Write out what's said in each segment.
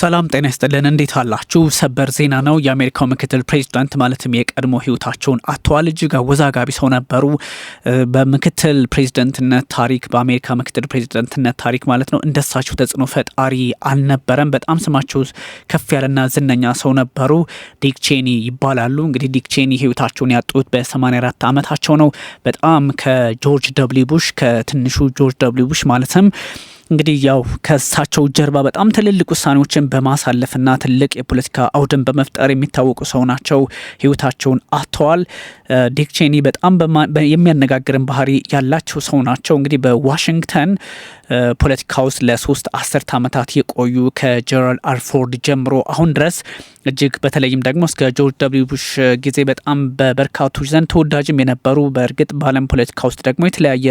ሰላም ጤና ይስጥልን። እንዴት አላችሁ? ሰበር ዜና ነው። የአሜሪካው ምክትል ፕሬዚዳንት ማለትም የቀድሞ ህይወታቸውን አጥተዋል። እጅግ አወዛጋቢ ሰው ነበሩ። በምክትል ፕሬዚደንትነት ታሪክ በአሜሪካ ምክትል ፕሬዚደንትነት ታሪክ ማለት ነው እንደሳቸው ተጽዕኖ ፈጣሪ አልነበረም። በጣም ስማቸው ከፍ ያለና ዝነኛ ሰው ነበሩ። ዲክ ቼኒ ይባላሉ። እንግዲህ ዲክ ቼኒ ህይወታቸውን ያጡት በ84 ዓመታቸው ነው። በጣም ከጆርጅ ደብሊው ቡሽ ከትንሹ ጆርጅ ደብሊው ቡሽ ማለትም እንግዲህ ያው ከእሳቸው ጀርባ በጣም ትልልቅ ውሳኔዎችን በማሳለፍና ትልቅ የፖለቲካ አውድን በመፍጠር የሚታወቁ ሰው ናቸው። ህይወታቸውን አጥተዋል። ዲክ ቼኒ በጣም የሚያነጋግርን ባህሪ ያላቸው ሰው ናቸው። እንግዲህ በዋሽንግተን ፖለቲካ ውስጥ ለሶስት አስርት ዓመታት የቆዩ ከጀራል አርፎርድ ጀምሮ አሁን ድረስ እጅግ በተለይም ደግሞ እስከ ጆርጅ ደብልዩ ቡሽ ጊዜ በጣም በበርካቶች ዘንድ ተወዳጅም የነበሩ በእርግጥ በዓለም ፖለቲካ ውስጥ ደግሞ የተለያየ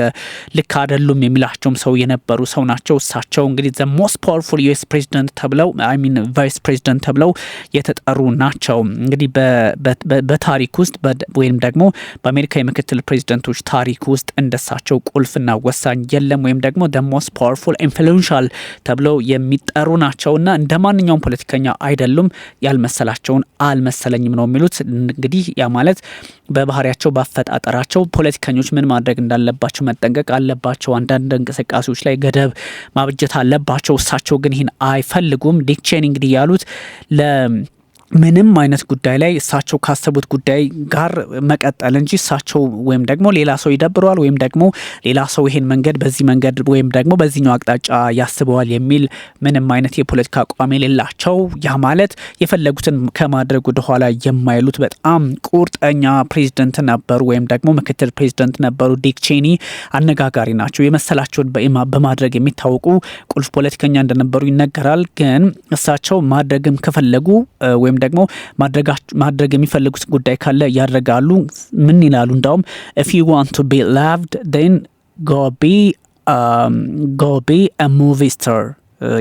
ልክ አይደሉም የሚላቸውም ሰው የነበሩ ሰው ናቸው። እሳቸው እንግዲህ ዘ ሞስት ፓወርፉል ዩኤስ ፕሬዚደንት ተብለው አይ ሚን ቫይስ ፕሬዚደንት ተብለው የተጠሩ ናቸው። እንግዲህ በታሪክ ውስጥ ወይም ደግሞ በአሜሪካ የምክትል ፕሬዚደንቶች ታሪክ ውስጥ እንደሳቸው ቁልፍና ወሳኝ የለም። ወይም ደግሞ ዘ ሞስት ፓወርፉል ኢንፍሉዌንሻል ተብለው የሚጠሩ ናቸውና እንደ ማንኛውም ፖለቲከኛ አይደሉም ያልመ መሰላቸውን አልመሰለኝም ነው የሚሉት። እንግዲህ ያ ማለት በባህሪያቸው በአፈጣጠራቸው ፖለቲከኞች ምን ማድረግ እንዳለባቸው መጠንቀቅ አለባቸው። አንዳንድ እንቅስቃሴዎች ላይ ገደብ ማብጀት አለባቸው። እሳቸው ግን ይህን አይፈልጉም። ዲክቼን እንግዲህ ያሉት ለ ምንም አይነት ጉዳይ ላይ እሳቸው ካሰቡት ጉዳይ ጋር መቀጠል እንጂ እሳቸው ወይም ደግሞ ሌላ ሰው ይደብረዋል ወይም ደግሞ ሌላ ሰው ይሄን መንገድ በዚህ መንገድ ወይም ደግሞ በዚህኛው አቅጣጫ ያስበዋል የሚል ምንም አይነት የፖለቲካ አቋም የሌላቸው ያ ማለት የፈለጉትን ከማድረግ ወደኋላ የማይሉት በጣም ቁርጠኛ ፕሬዚደንት ነበሩ ወይም ደግሞ ምክትል ፕሬዚደንት ነበሩ። ዲክ ቼኒ አነጋጋሪ ናቸው። የመሰላቸውን በማድረግ የሚታወቁ ቁልፍ ፖለቲከኛ እንደነበሩ ይነገራል። ግን እሳቸው ማድረግም ከፈለጉ ወይም ደግሞ ማድረግ የሚፈልጉት ጉዳይ ካለ ያደረጋሉ። ምን ይላሉ? እንዳውም ኢፍ ዩ ዋንት ቱ ቢ ላቭድ ሙቪ ስታር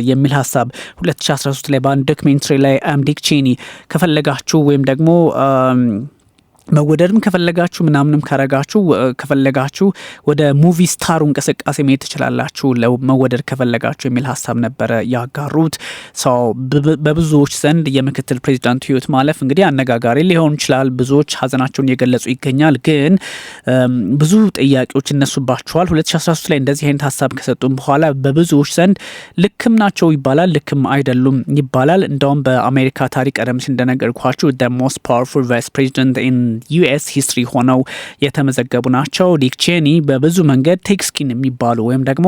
የሚል ሀሳብ 2013 ላይ በአንድ ዶክሜንትሪ ላይ አምዲክ ቼኒ ከፈለጋችሁ ወይም ደግሞ um, መወደድም ከፈለጋችሁ ምናምንም ካረጋችሁ ከፈለጋችሁ ወደ ሙቪ ስታሩ እንቅስቃሴ መሄድ ትችላላችሁ፣ መወደድ ከፈለጋችሁ የሚል ሀሳብ ነበረ ያጋሩት ሰው። በብዙዎች ዘንድ የምክትል ፕሬዚዳንቱ ህይወት ማለፍ እንግዲህ አነጋጋሪ ሊሆን ይችላል። ብዙዎች ሀዘናቸውን እየገለጹ ይገኛል። ግን ብዙ ጥያቄዎች ይነሱባቸዋል። 2013 ላይ እንደዚህ አይነት ሀሳብ ከሰጡም በኋላ በብዙዎች ዘንድ ልክም ናቸው ይባላል፣ ልክም አይደሉም ይባላል። እንደውም በአሜሪካ ታሪክ ቀደም ሲል እንደነገርኳችሁ ሞስት ፓወርፉል ቫይስ ፕሬዚደንት ዩኤስ ሂስትሪ ሆነው የተመዘገቡ ናቸው። ሊክ ቼኒ በብዙ መንገድ ቴክስኪን የሚባሉ ወይም ደግሞ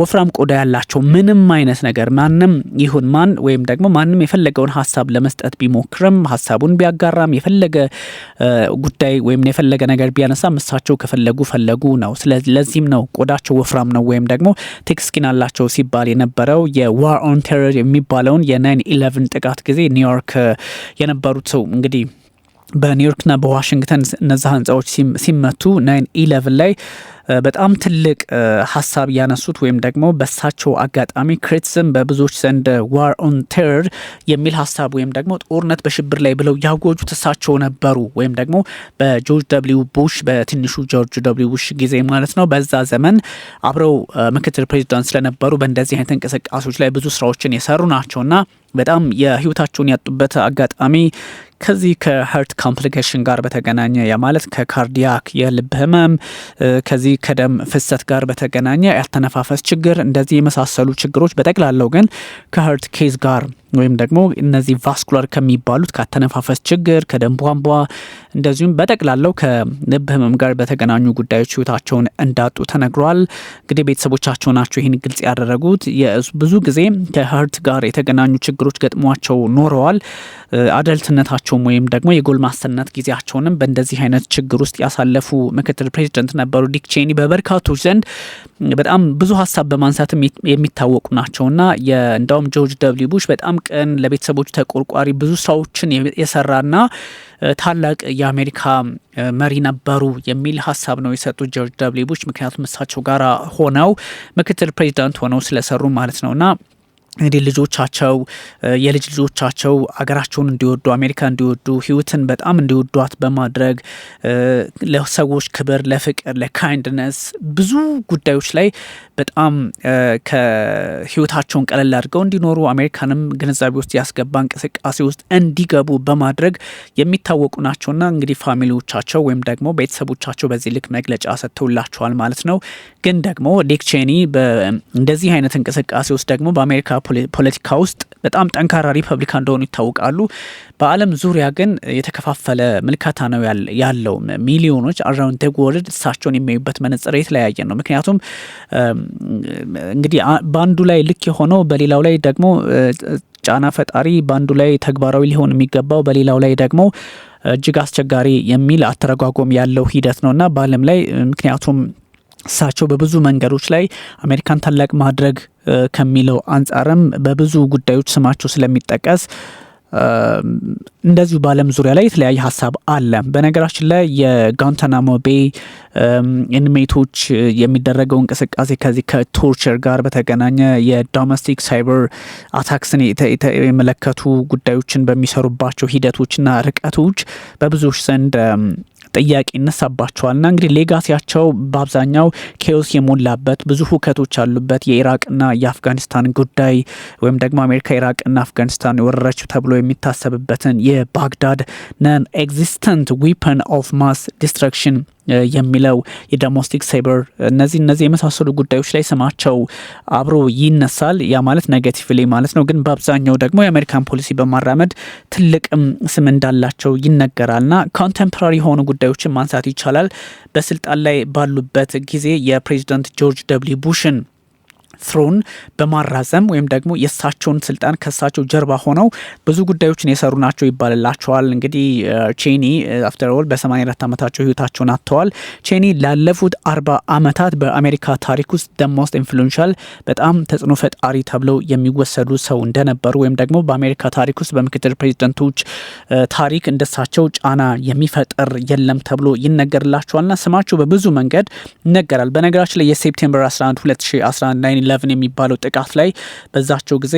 ወፍራም ቆዳ ያላቸው ምንም አይነት ነገር ማንም ይሁን ማን ወይም ደግሞ ማንም የፈለገውን ሀሳብ ለመስጠት ቢሞክርም ሀሳቡን ቢያጋራም የፈለገ ጉዳይ ወይም የፈለገ ነገር ቢያነሳም እሳቸው ከፈለጉ ፈለጉ ነው። ለዚህም ነው ቆዳቸው ወፍራም ነው ወይም ደግሞ ቴክስኪን አላቸው ሲባል የነበረው የዋር ኦን ቴረር የሚባለውን የናይን ኢለቨን ጥቃት ጊዜ ኒውዮርክ የነበሩት ሰው እንግዲህ በኒውዮርክና በዋሽንግተን እነዛ ህንፃዎች ሲመቱ ናይን ኢለቭን ላይ በጣም ትልቅ ሀሳብ ያነሱት ወይም ደግሞ በሳቸው አጋጣሚ ክሪቲዝም በብዙዎች ዘንድ ዋር ኦን ቴረር የሚል ሀሳብ ወይም ደግሞ ጦርነት በሽብር ላይ ብለው ያጎጁት እሳቸው ነበሩ። ወይም ደግሞ በጆርጅ ደብሊው ቡሽ በትንሹ ጆርጅ ደብሊው ቡሽ ጊዜ ማለት ነው። በዛ ዘመን አብረው ምክትል ፕሬዚዳንት ስለነበሩ በእንደዚህ አይነት እንቅስቃሴዎች ላይ ብዙ ስራዎችን የሰሩ ናቸውና በጣም የህይወታቸውን ያጡበት አጋጣሚ ከዚህ ከሀርት ኮምፕሊኬሽን ጋር በተገናኘ ማለት ከካርዲያክ የልብ ህመም ከዚህ ከደም ፍሰት ጋር በተገናኘ ያተነፋፈስ ችግር እንደዚህ የመሳሰሉ ችግሮች በጠቅላላው ግን ከሀርት ኬዝ ጋር ወይም ደግሞ እነዚህ ቫስኩላር ከሚባሉት ካተነፋፈስ ችግር፣ ከደም ቧንቧ እንደዚሁም በጠቅላላው ከልብ ህመም ጋር በተገናኙ ጉዳዮች ህይወታቸውን እንዳጡ ተነግሯል። እንግዲህ ቤተሰቦቻቸው ናቸው ይህን ግልጽ ያደረጉት። ብዙ ጊዜ ከህርት ጋር የተገናኙ ችግሮች ገጥሟቸው ኖረዋል። አደልትነታቸውም ወይም ደግሞ የጎልማስነት ጊዜያቸውንም በእንደዚህ አይነት ችግር ውስጥ ያሳለፉ ምክትል ፕሬዚደንት ነበሩ ዲክ ቼኒ። በበርካቶች ዘንድ በጣም ብዙ ሀሳብ በማንሳትም የሚታወቁ ናቸውና እንደውም ጆርጅ ደብሊው ቡሽ በጣም ቀን ለቤተሰቦቹ ተቆርቋሪ ብዙ ስራዎችን የሰራና ታላቅ የአሜሪካ መሪ ነበሩ የሚል ሀሳብ ነው የሰጡት ጆርጅ ደብሊው ቡሽ። ምክንያቱም እሳቸው ጋር ሆነው ምክትል ፕሬዚዳንት ሆነው ስለሰሩ ማለት ነውና እንግዲህ ልጆቻቸው የልጅ ልጆቻቸው አገራቸውን እንዲወዱ አሜሪካ እንዲወዱ ህይወትን በጣም እንዲወዷት በማድረግ ለሰዎች ክብር፣ ለፍቅር፣ ለካይንድነስ ብዙ ጉዳዮች ላይ በጣም ከህይወታቸውን ቀለል አድርገው እንዲኖሩ አሜሪካንም ግንዛቤ ውስጥ ያስገባ እንቅስቃሴ ውስጥ እንዲገቡ በማድረግ የሚታወቁ ናቸውና እንግዲህ ፋሚሊዎቻቸው ወይም ደግሞ ቤተሰቦቻቸው በዚህ ልክ መግለጫ ሰጥተውላቸዋል ማለት ነው። ግን ደግሞ ዲክ ቼኒ እንደዚህ አይነት እንቅስቃሴ ውስጥ ደግሞ በአሜሪካ ፖለቲካ ውስጥ በጣም ጠንካራ ሪፐብሊካ እንደሆኑ ይታወቃሉ። በዓለም ዙሪያ ግን የተከፋፈለ ምልከታ ነው ያለው። ሚሊዮኖች አራውንድ ተጎወርድ እሳቸውን የሚያዩበት መነጽር የተለያየ ነው። ምክንያቱም እንግዲህ በአንዱ ላይ ልክ የሆነው በሌላው ላይ ደግሞ ጫና ፈጣሪ፣ በአንዱ ላይ ተግባራዊ ሊሆን የሚገባው በሌላው ላይ ደግሞ እጅግ አስቸጋሪ የሚል አተረጓጎም ያለው ሂደት ነው እና በዓለም ላይ ምክንያቱም እሳቸው በብዙ መንገዶች ላይ አሜሪካን ታላቅ ማድረግ ከሚለው አንጻርም በብዙ ጉዳዮች ስማቸው ስለሚጠቀስ እንደዚሁ በዓለም ዙሪያ ላይ የተለያየ ሀሳብ አለ። በነገራችን ላይ የጓንታናሞ ቤ ኢንሜቶች የሚደረገው እንቅስቃሴ ከዚህ ከቶርቸር ጋር በተገናኘ የዶሜስቲክ ሳይበር አታክስን የመለከቱ ጉዳዮችን በሚሰሩባቸው ሂደቶችና ርቀቶች በብዙዎች ዘንድ ጥያቄ ይነሳባቸዋልና እንግዲህ ሌጋሲያቸው በአብዛኛው ኬዎስ የሞላበት ብዙ ሁከቶች ያሉበት የኢራቅና የአፍጋኒስታን ጉዳይ ወይም ደግሞ አሜሪካ ኢራቅና አፍጋኒስታን ወረረች ተብሎ የሚታሰብበትን የባግዳድ ነን ኤግዚስተንት ዊፐን ኦፍ ማስ ዲስትራክሽን የሚለው የዶሜስቲክ ሳይበር እነዚህ እነዚህ የመሳሰሉ ጉዳዮች ላይ ስማቸው አብሮ ይነሳል። ያ ማለት ኔጌቲቭሊ ማለት ነው። ግን በአብዛኛው ደግሞ የአሜሪካን ፖሊሲ በማራመድ ትልቅም ስም እንዳላቸው ይነገራልና ኮንቴምፖራሪ የሆኑ ጉዳዮችን ማንሳት ይቻላል። በስልጣን ላይ ባሉበት ጊዜ የፕሬዚደንት ጆርጅ ደብልዩ ቡሽን ትሮን በማራዘም ወይም ደግሞ የእሳቸውን ስልጣን ከእሳቸው ጀርባ ሆነው ብዙ ጉዳዮችን የሰሩ ናቸው ይባልላቸዋል። እንግዲህ ቼኒ አፍተር በ84 ዓመታቸው ህይወታቸውን አጥተዋል። ቼኒ ላለፉት አርባ ዓመታት በአሜሪካ ታሪክ ውስጥ ደሞስት ኢንፍሉዌንሻል በጣም ተጽዕኖ ፈጣሪ ተብለው የሚወሰዱ ሰው እንደነበሩ ወይም ደግሞ በአሜሪካ ታሪክ ውስጥ በምክትል ፕሬዚደንቶች ታሪክ እንደሳቸው ጫና የሚፈጥር የለም ተብሎ ይነገርላቸዋልና ስማቸው በብዙ መንገድ ይነገራል። በነገራችን ላይ የሴፕቴምበር 11 2011 ኢለቭን የሚባለው ጥቃት ላይ በዛቸው ጊዜ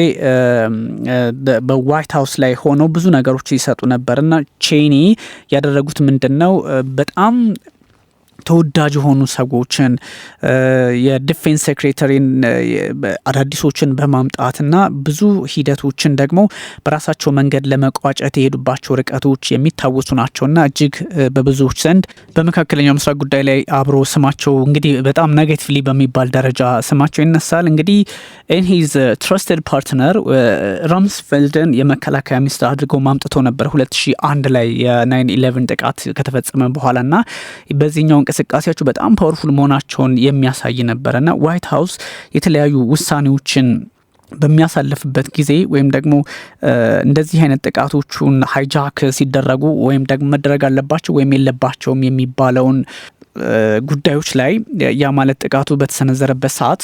በዋይት ሀውስ ላይ ሆነው ብዙ ነገሮች ይሰጡ ነበር እና ቼኒ ያደረጉት ምንድን ነው በጣም ተወዳጅ የሆኑ ሰዎችን የዲፌንስ ሴክሬተሪን አዳዲሶችን በማምጣትና ብዙ ሂደቶችን ደግሞ በራሳቸው መንገድ ለመቋጨት የሄዱባቸው ርቀቶች የሚታወሱ ናቸውና እጅግ በብዙዎች ዘንድ በመካከለኛው ምስራቅ ጉዳይ ላይ አብሮ ስማቸው እንግዲህ በጣም ኔጌቲቭሊ በሚባል ደረጃ ስማቸው ይነሳል። እንግዲህ ኢን ሂዝ ትረስትድ ፓርትነር ራምስፌልድን የመከላከያ ሚኒስትር አድርገ ማምጥቶ ነበር 2001 ላይ የ 911 ጥቃት ከተፈጸመ በኋላ እና በዚህኛው እንቅስቃሴያቸው በጣም ፓወርፉል መሆናቸውን የሚያሳይ ነበረና ዋይት ሀውስ የተለያዩ ውሳኔዎችን በሚያሳልፍበት ጊዜ ወይም ደግሞ እንደዚህ አይነት ጥቃቶቹን ሀይጃክ ሲደረጉ ወይም ደግሞ መደረግ አለባቸው ወይም የለባቸውም የሚባለውን ጉዳዮች ላይ ያ ማለት ጥቃቱ በተሰነዘረበት ሰዓት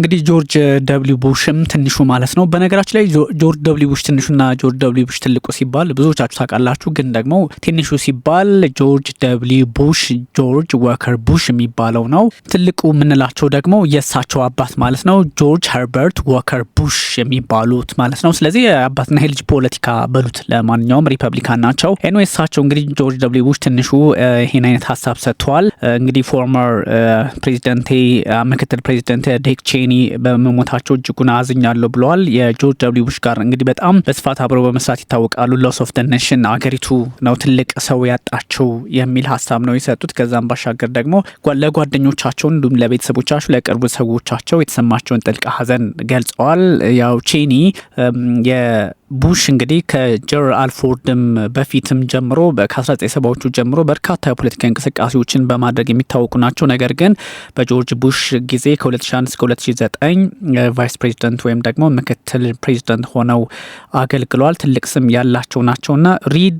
እንግዲህ ጆርጅ ደብሊው ቡሽም ትንሹ ማለት ነው። በነገራችን ላይ ጆርጅ ደብሊው ቡሽ ትንሹና ጆርጅ ደብሊው ቡሽ ትልቁ ሲባል ብዙዎቻችሁ ታውቃላችሁ። ግን ደግሞ ትንሹ ሲባል ጆርጅ ደብሊው ቡሽ ጆርጅ ወከር ቡሽ የሚባለው ነው። ትልቁ የምንላቸው ደግሞ የእሳቸው አባት ማለት ነው ጆርጅ ሄርበርት ወከር ቡሽ የሚባሉት ማለት ነው። ስለዚህ አባትና የልጅ ፖለቲካ በሉት ለማንኛውም ሪፐብሊካን ናቸው። ኖ የእሳቸው እንግዲህ ጆርጅ ደብሊው ቡሽ ትንሹ ይህን አይነት ሀሳብ ሰጥተዋል። እንግዲህ ፎርመር ፕሬዚደንቴ ምክትል ፕሬዚደንት ዲክ ኬኔ በመሞታቸው እጅጉን አዝኛለሁ ብለዋል። የጆርጅ ደብሊው ቡሽ ጋር እንግዲህ በጣም በስፋት አብረው በመስራት ይታወቃሉ። ሎስ ኦፍ ደ ኔሽን አገሪቱ ነው ትልቅ ሰው ያጣቸው የሚል ሀሳብ ነው የሰጡት። ከዛም ባሻገር ደግሞ ለጓደኞቻቸው እንዲሁም ለቤተሰቦቻቸው፣ ለቅርቡ ሰዎቻቸው የተሰማቸውን ጥልቅ ሀዘን ገልጸዋል። ያው ቼኒ ቡሽ እንግዲህ ከጀር አልፎርድም በፊትም ጀምሮ ከ1970ዎቹ ጀምሮ በርካታ የፖለቲካ እንቅስቃሴዎችን በማድረግ የሚታወቁ ናቸው። ነገር ግን በጆርጅ ቡሽ ጊዜ ከ2001 እስከ 2009 ቫይስ ፕሬዚደንት ወይም ደግሞ ምክትል ፕሬዚደንት ሆነው አገልግሏል። ትልቅ ስም ያላቸው ናቸውና ሪድ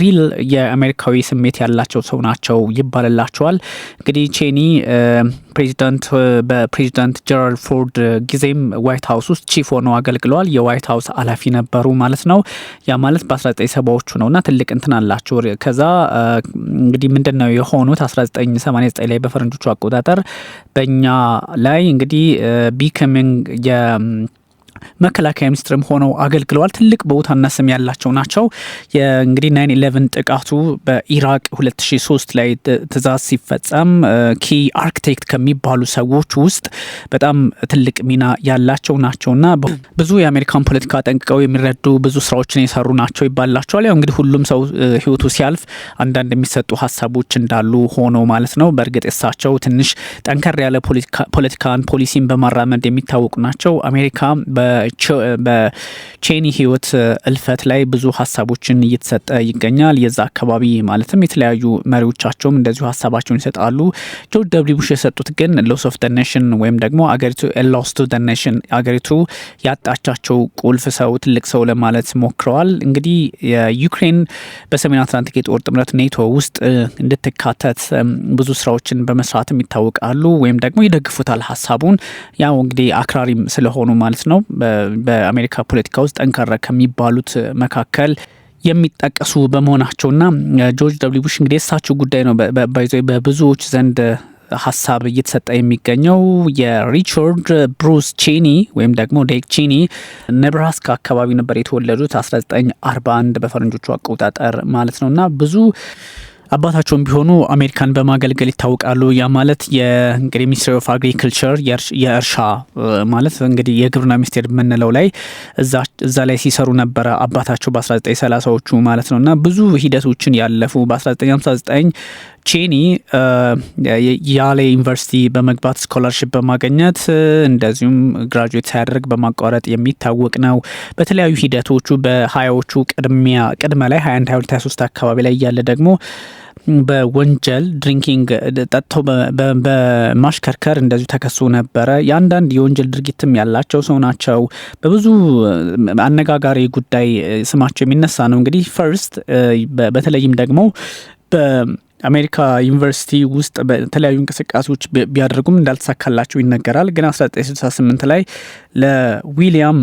ሪል የአሜሪካዊ ስሜት ያላቸው ሰው ናቸው ይባልላቸዋል። እንግዲህ ቼኒ ፕሬዚዳንት በፕሬዚዳንት ጀራልድ ፎርድ ጊዜም ዋይት ሀውስ ውስጥ ቺፍ ሆነው አገልግለዋል። የዋይት ሀውስ ኃላፊ ነበሩ ማለት ነው። ያ ማለት በ1970ዎቹ ነው እና ትልቅ እንትን አላቸው። ከዛ እንግዲህ ምንድን ነው የሆኑት 1989 ላይ በፈረንጆቹ አቆጣጠር በእኛ ላይ እንግዲህ ቢከሚንግ መከላከያ ሚኒስትርም ሆነው አገልግለዋል። ትልቅ ቦታና ስም ያላቸው ናቸው። እንግዲህ ናይን ኢሌቨን ጥቃቱ በኢራቅ 2003 ላይ ትእዛዝ ሲፈጸም ኪ አርክቴክት ከሚባሉ ሰዎች ውስጥ በጣም ትልቅ ሚና ያላቸው ናቸውና ብዙ የአሜሪካን ፖለቲካ ጠንቅቀው የሚረዱ ብዙ ስራዎችን የሰሩ ናቸው ይባላቸዋል። ያው እንግዲህ ሁሉም ሰው ህይወቱ ሲያልፍ አንዳንድ የሚሰጡ ሀሳቦች እንዳሉ ሆኖ ማለት ነው። በእርግጥ እሳቸው ትንሽ ጠንከር ያለ ፖለቲካን ፖሊሲን በማራመድ የሚታወቁ ናቸው። አሜሪካ በቼኒ ህይወት እልፈት ላይ ብዙ ሀሳቦችን እየተሰጠ ይገኛል። የዛ አካባቢ ማለትም የተለያዩ መሪዎቻቸውም እንደዚሁ ሀሳባቸውን ይሰጣሉ። ጆርጅ ደብሊ ቡሽ የሰጡት ግን ሎስ ኦፍ ደኔሽን ወይም ደግሞ አገሪቱ ሎስ ቱ አገሪቱ ያጣቻቸው ቁልፍ ሰው ትልቅ ሰው ለማለት ሞክረዋል። እንግዲህ የዩክሬን በሰሜን አትላንቲክ የጦር ጥምረት ኔቶ ውስጥ እንድትካተት ብዙ ስራዎችን በመስራትም ይታወቃሉ ወይም ደግሞ ይደግፉታል ሀሳቡን ያው እንግዲህ አክራሪም ስለሆኑ ማለት ነው። በአሜሪካ ፖለቲካ ውስጥ ጠንካራ ከሚባሉት መካከል የሚጠቀሱ በመሆናቸውና ጆርጅ ደብሊው ቡሽ እንግዲህ የእሳቸው ጉዳይ ነው ባይዞ በብዙዎች ዘንድ ሀሳብ እየተሰጠ የሚገኘው የሪቻርድ ብሩስ ቼኒ ወይም ደግሞ ዴክ ቼኒ ኔብራስካ አካባቢ ነበር የተወለዱት 1941 በፈረንጆቹ አቆጣጠር ማለት ነው እና ብዙ አባታቸውም ቢሆኑ አሜሪካን በማገልገል ይታወቃሉ። ያ ማለት የእንግዲህ ሚኒስትሪ ኦፍ አግሪካልቸር የእርሻ ማለት እንግዲህ የግብርና ሚኒስቴር የምንለው ላይ እዛ ላይ ሲሰሩ ነበረ አባታቸው በ1930ዎቹ ማለት ነው እና ብዙ ሂደቶችን ያለፉ በ1959 ቼኒ ያሌ ዩኒቨርሲቲ በመግባት ስኮላርሽፕ በማገኘት እንደዚሁም ግራጁዌት ሳያደርግ በማቋረጥ የሚታወቅ ነው። በተለያዩ ሂደቶቹ በሀያዎቹ ቅድሚያ ቅድመ ላይ 21 22 23 አካባቢ ላይ እያለ ደግሞ በወንጀል ድሪንኪንግ ጠጥቶ በማሽከርከር እንደዚሁ ተከሶ ነበረ። የአንዳንድ የወንጀል ድርጊትም ያላቸው ሰው ናቸው። በብዙ አነጋጋሪ ጉዳይ ስማቸው የሚነሳ ነው። እንግዲህ ፈርስት በተለይም ደግሞ አሜሪካ ዩኒቨርሲቲ ውስጥ በተለያዩ እንቅስቃሴዎች ቢያደርጉም እንዳልተሳካላቸው ይነገራል። ግን 1968 ላይ ለዊሊያም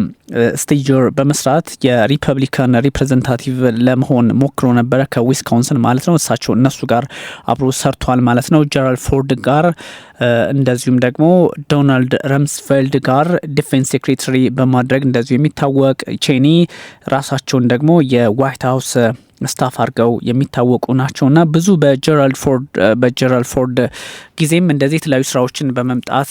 ስቴጀር በመስራት የሪፐብሊካን ሪፕሬዘንታቲቭ ለመሆን ሞክሮ ነበረ፣ ከዊስኮንስን ማለት ነው። እሳቸው እነሱ ጋር አብሮ ሰርቷል ማለት ነው። ጀራልድ ፎርድ ጋር እንደዚሁም ደግሞ ዶናልድ ረምስፌልድ ጋር ዲፌንስ ሴክሬታሪ በማድረግ እንደዚሁ የሚታወቅ ቼኒ ራሳቸውን ደግሞ የዋይት ሀውስ ስታፍ አድርገው የሚታወቁ ናቸውና ብዙ በጀራልድ ፎርድ በጀራልድ ፎርድ ጊዜም እንደዚህ የተለያዩ ስራዎችን በመምጣት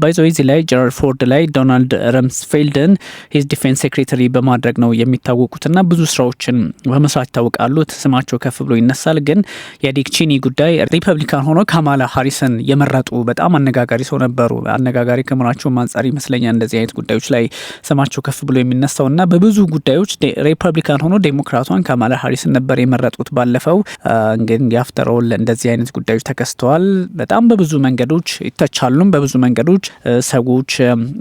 ባይዘው ዚህ ላይ ጀራልድ ፎርድ ላይ ዶናልድ ረምስፌልድን ሂዝ ዲፌንስ ሴክሬታሪ በማድረግ ነው የሚታወቁትና ብዙ ስራዎችን በመስራት ይታወቃሉ። ስማቸው ከፍ ብሎ ይነሳል። ግን የዲክቺኒ ጉዳይ ሪፐብሊካን ሆኖ ካማላ ሃሪስን የመረጡ በጣም አነጋጋሪ ሰው ነበሩ። አነጋጋሪ ከምራቸውም አንጻር ይመስለኛል እንደዚህ አይነት ጉዳዮች ላይ ስማቸው ከፍ ብሎ እና በብዙ ጉዳዮች ሪፐብሊካን ሆኖ ዴሞክራቷን ካማላ ካማላ ሀሪስን ነበር የመረጡት። ባለፈው ግን አፍተር እንደዚህ አይነት ጉዳዮች ተከስተዋል። በጣም በብዙ መንገዶች ይተቻሉም፣ በብዙ መንገዶች ሰዎች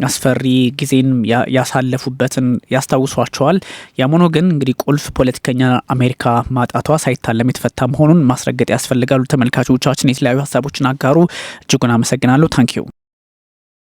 አስፈሪ ጊዜን ያሳለፉበትን ያስታውሷቸዋል። ያመኖ ግን እንግዲህ ቁልፍ ፖለቲከኛ አሜሪካ ማጣቷ ሳይታለም የተፈታ መሆኑን ማስረገጥ ያስፈልጋሉ። ተመልካቾቻችን የተለያዩ ሀሳቦችን አጋሩ። እጅጉን አመሰግናለሁ። ታንኪዩ